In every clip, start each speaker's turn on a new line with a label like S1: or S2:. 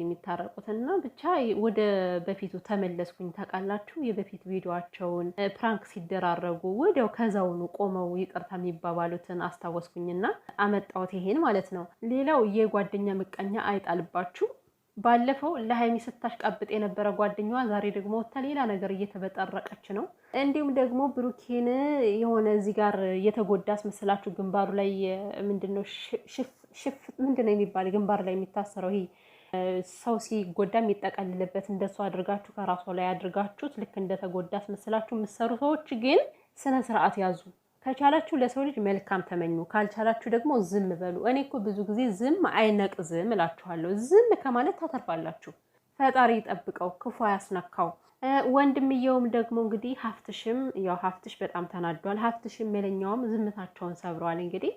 S1: የሚታረቁትና ብቻ ወደ በፊቱ ተመለስኩኝ። ታውቃላችሁ የበፊት ቪዲዮቸውን ፕራንክ ሲደራረጉ ወዲያው ከዛውኑ ቆመው ይቅርታ የሚባባሉትን አስታወስኩኝና አመጣሁት ይሄን ማለት ነው። ሌላው የጓደኛ ምቀኛ አይጣልባችሁ። ባለፈው ለሀይሚ ስታሽቃብጥ የነበረ ጓደኛዋ ዛሬ ደግሞ ወታ ሌላ ነገር እየተበጠረቀች ነው። እንዲሁም ደግሞ ብሩኬን የሆነ እዚህ ጋር የተጎዳ አስመስላችሁ ግንባሩ ላይ ምንድነው ሽፍ ምንድነው የሚባል ግንባር ላይ የሚታሰረው ይሄ ሰው ሲጎዳ የሚጠቀልልበት እንደሱ አድርጋችሁ ከራሷ ላይ አድርጋችሁት ልክ እንደተጎዳ አስመስላችሁ የምትሰሩ ሰዎች ግን ስነ ስርዓት ያዙ። ከቻላችሁ ለሰው ልጅ መልካም ተመኙ፣ ካልቻላችሁ ደግሞ ዝም በሉ። እኔ እኮ ብዙ ጊዜ ዝም አይነቅዝም እላችኋለሁ። ዝም ከማለት ታተርፋላችሁ። ፈጣሪ ይጠብቀው፣ ክፉ አያስነካው። ወንድምየውም ደግሞ እንግዲህ ሀፍትሽም ያው ሀፍትሽ በጣም ተናዷል። ሀፍትሽም መለኛውም ዝምታቸውን ሰብረዋል እንግዲህ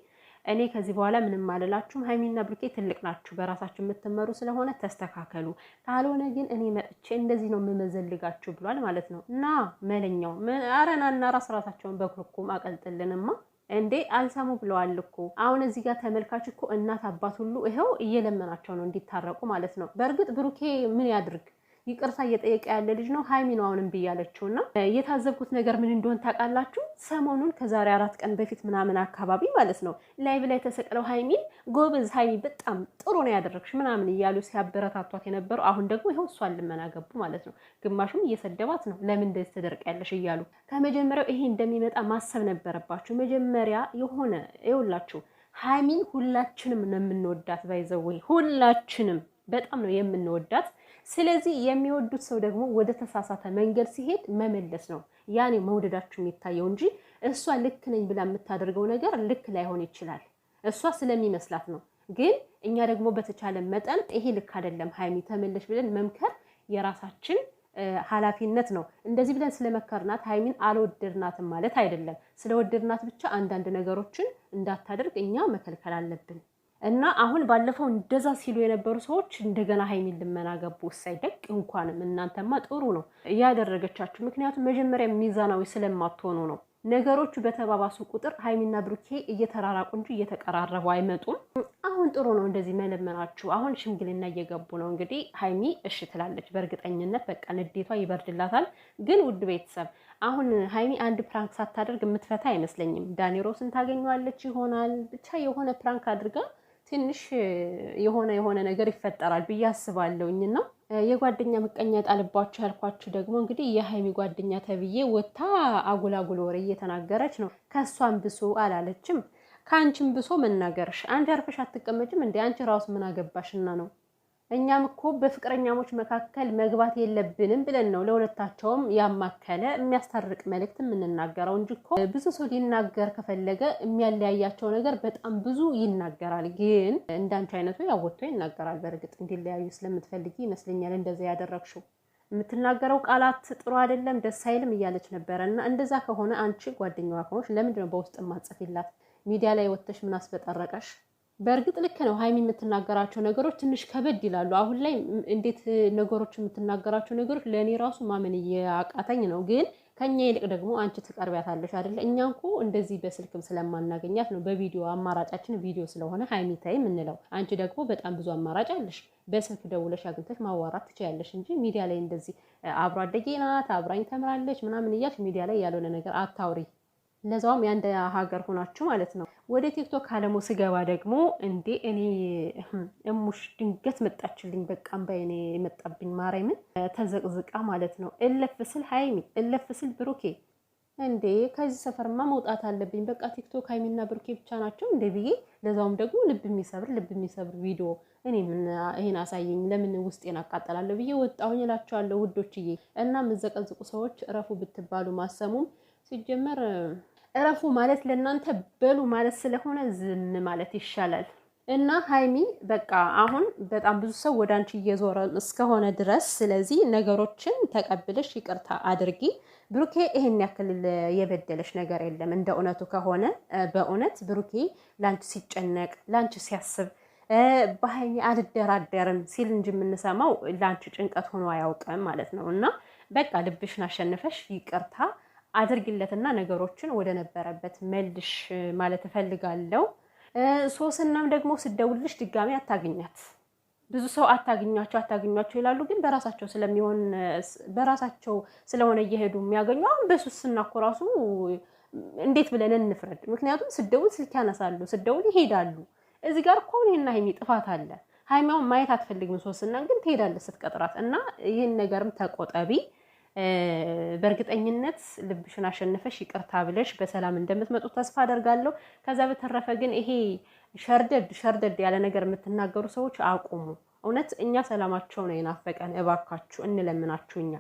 S1: እኔ ከዚህ በኋላ ምንም አልላችሁም። ሀይሚና ብሩኬ ትልቅ ናችሁ፣ በራሳችሁ የምትመሩ ስለሆነ ተስተካከሉ፣ ካልሆነ ግን እኔ መጥቼ እንደዚህ ነው የምመዘልጋችሁ ብሏል ማለት ነው። እና መለኛው አረና እና ራስ ራሳቸውን በኩርኩም አቀልጥልንማ እንዴ አልሰሙ ብለዋል እኮ አሁን እዚህ ጋር ተመልካች እኮ እናት አባት ሁሉ ይኸው እየለመናቸው ነው እንዲታረቁ ማለት ነው። በእርግጥ ብሩኬ ምን ያድርግ ይቅርታ እየጠየቀ ያለ ልጅ ነው። ሀይሚ ነው አሁንም ብያለችው እና የታዘብኩት ነገር ምን እንደሆን ታውቃላችሁ? ሰሞኑን ከዛሬ አራት ቀን በፊት ምናምን አካባቢ ማለት ነው ላይቭ ላይ ተሰቅለው ሀይሚ ጎበዝ፣ ሀይሚ በጣም ጥሩ ነው ያደረግሽ ምናምን እያሉ ሲያበረታቷት የነበሩ አሁን ደግሞ ይኸው እሷን ልመና ገቡ ማለት ነው። ግማሹም እየሰደባት ነው፣ ለምን እንደዚህ ተደርቂያለሽ እያሉ። ከመጀመሪያው ይሄ እንደሚመጣ ማሰብ ነበረባችሁ። መጀመሪያ የሆነ ይኸውላችሁ ሀይሚን ሁላችንም ነው የምንወዳት ባይዘወይ ሁላችንም በጣም ነው የምንወዳት ስለዚህ የሚወዱት ሰው ደግሞ ወደ ተሳሳተ መንገድ ሲሄድ መመለስ ነው። ያኔ መውደዳችሁ የሚታየው እንጂ እሷ ልክ ነኝ ብላ የምታደርገው ነገር ልክ ላይሆን ይችላል። እሷ ስለሚመስላት ነው። ግን እኛ ደግሞ በተቻለ መጠን ይሄ ልክ አይደለም ሀይሚ ተመለሽ ብለን መምከር የራሳችን ኃላፊነት ነው። እንደዚህ ብለን ስለመከርናት ሀይሚን አልወደድናትም ማለት አይደለም። ስለወደድናት ብቻ አንዳንድ ነገሮችን እንዳታደርግ እኛ መከልከል አለብን። እና አሁን ባለፈው እንደዛ ሲሉ የነበሩ ሰዎች እንደገና ሀይሚን ልመና ገቡ። ሳይደቅ እንኳንም እናንተማ ጥሩ ነው እያደረገቻችሁ። ምክንያቱም መጀመሪያ ሚዛናዊ ስለማትሆኑ ነው። ነገሮቹ በተባባሱ ቁጥር ሀይሚና ብሩኬ እየተራራቁ እንጂ እየተቀራረቡ አይመጡም። አሁን ጥሩ ነው እንደዚህ መለመናችሁ። አሁን ሽምግልና እየገቡ ነው። እንግዲህ ሀይሚ እሺ ትላለች በእርግጠኝነት። በቃ ንዴቷ ይበርድላታል። ግን ውድ ቤተሰብ አሁን ሀይሚ አንድ ፕራንክ ሳታደርግ የምትፈታ አይመስለኝም። ዳኒ ሮስን ታገኘዋለች ይሆናል ብቻ የሆነ ፕራንክ አድርጋ ትንሽ የሆነ የሆነ ነገር ይፈጠራል ብዬ አስባለሁኝና የጓደኛ ምቀኛ ጣልባችሁ ያልኳችሁ ደግሞ እንግዲህ የሀይሚ ጓደኛ ተብዬ ወታ አጉላጉል ወሬ እየተናገረች ነው። ከእሷን ብሶ አላለችም፣ ከአንቺም ብሶ መናገርሽ አንቺ አርፈሽ አትቀመጭም እንዴ? አንቺ ራሱ ምን አገባሽና ነው እኛም እኮ በፍቅረኛሞች መካከል መግባት የለብንም ብለን ነው ለሁለታቸውም ያማከለ የሚያስታርቅ መልእክት የምንናገረው እንጂ እኮ ብዙ ሰው ሊናገር ከፈለገ የሚያለያያቸው ነገር በጣም ብዙ ይናገራል። ግን እንዳንቺ አይነቱ ያወጥቶ ይናገራል። በእርግጥ እንዲለያዩ ስለምትፈልጊ ይመስለኛል እንደዛ ያደረግሽው። የምትናገረው ቃላት ጥሩ አይደለም፣ ደስ አይልም እያለች ነበረ እና እንደዛ ከሆነ አንቺ ጓደኛዋ ከሆንሽ ለምንድነው በውስጥ ማጸፊላት? ሚዲያ ላይ ወጥተሽ ምን አስበጠረቀሽ? በእርግጥ ልክ ነው ሀይሚ የምትናገራቸው ነገሮች ትንሽ ከበድ ይላሉ። አሁን ላይ እንዴት ነገሮች የምትናገራቸው ነገሮች ለእኔ ራሱ ማመን እያቃተኝ ነው። ግን ከኛ ይልቅ ደግሞ አንቺ ትቀርቢያታለሽ አይደለ? እኛ እኮ እንደዚህ በስልክም ስለማናገኛት ነው በቪዲዮ አማራጫችን ቪዲዮ ስለሆነ ሀይሚ ታይ የምንለው። አንቺ ደግሞ በጣም ብዙ አማራጭ አለሽ። በስልክ ደውለሽ አግኝተሽ ማዋራት ትችያለሽ እንጂ ሚዲያ ላይ እንደዚህ አብሮ አደጌ ናት አብራኝ ተምራለች ምናምን እያልሽ ሚዲያ ላይ ያልሆነ ነገር አታውሪ። ለዛውም የአንድ ሀገር ሆናችሁ ማለት ነው። ወደ ቲክቶክ አለሙ ስገባ ደግሞ እንዴ እኔ እሙሽ ድንገት መጣችልኝ። በቃ እምባዬ የመጣብኝ። ማርያምን ተዘቅዝቃ ማለት ነው። እለፍ ስል ሀይሚ፣ እለፍ ስል ብሩኬ እንዴ ከዚህ ሰፈርማ መውጣት አለብኝ። በቃ ቲክቶክ ሀይሚና ብሩኬ ብቻ ናቸው እንደ ብዬ ለዛውም ደግሞ ልብ የሚሰብር ልብ የሚሰብር ቪዲዮ እኔ ምን ይሄን አሳየኝ፣ ለምን ውስጤን አቃጠላለሁ ብዬ ወጣሁኝ እላቸዋለሁ ውዶችዬ። እና የምዘቀዝቁ ሰዎች እረፉ ብትባሉ ማሰሙም ሲጀመር እረፉ ማለት ለእናንተ በሉ ማለት ስለሆነ ዝም ማለት ይሻላል። እና ሀይሚ በቃ አሁን በጣም ብዙ ሰው ወደ አንቺ እየዞረ እስከሆነ ድረስ ስለዚህ ነገሮችን ተቀብለሽ ይቅርታ አድርጊ። ብሩኬ ይሄን ያክል የበደለሽ ነገር የለም። እንደ እውነቱ ከሆነ በእውነት ብሩኬ ለአንቺ ሲጨነቅ ለአንቺ ሲያስብ በሀይሚ አልደራደርም ሲል እንጂ የምንሰማው ለአንቺ ጭንቀት ሆኖ አያውቅም ማለት ነው። እና በቃ ልብሽን አሸንፈሽ ይቅርታ አድርግለትና ነገሮችን ወደ ነበረበት መልሽ ማለት እፈልጋለሁ። ሶስናም ደግሞ ስደውልሽ ድጋሚ አታግኛት። ብዙ ሰው አታገኛቸው አታገኛቸው ይላሉ፣ ግን በራሳቸው ስለሚሆን በራሳቸው ስለሆነ እየሄዱ የሚያገኙ አሁን በሱስና እኮ ራሱ እንዴት ብለን እንፍረድ? ምክንያቱም ስደውል ስልክ ያነሳሉ፣ ስደውል ይሄዳሉ። እዚህ ጋር እኮ እኔና ሀይሚ ጥፋት አለ። ሀይሚውን ማየት አትፈልግም ሶስናን፣ ግን ትሄዳለች ስትቀጥራት እና ይህን ነገርም ተቆጠቢ። በእርግጠኝነት ልብሽን አሸንፈሽ ይቅርታ ብለሽ በሰላም እንደምትመጡ ተስፋ አደርጋለሁ። ከዛ በተረፈ ግን ይሄ ሸርደድ ሸርደድ ያለ ነገር የምትናገሩ ሰዎች አቁሙ። እውነት እኛ ሰላማቸው ነው የናፈቀን። እባካችሁ እንለምናችሁ እኛ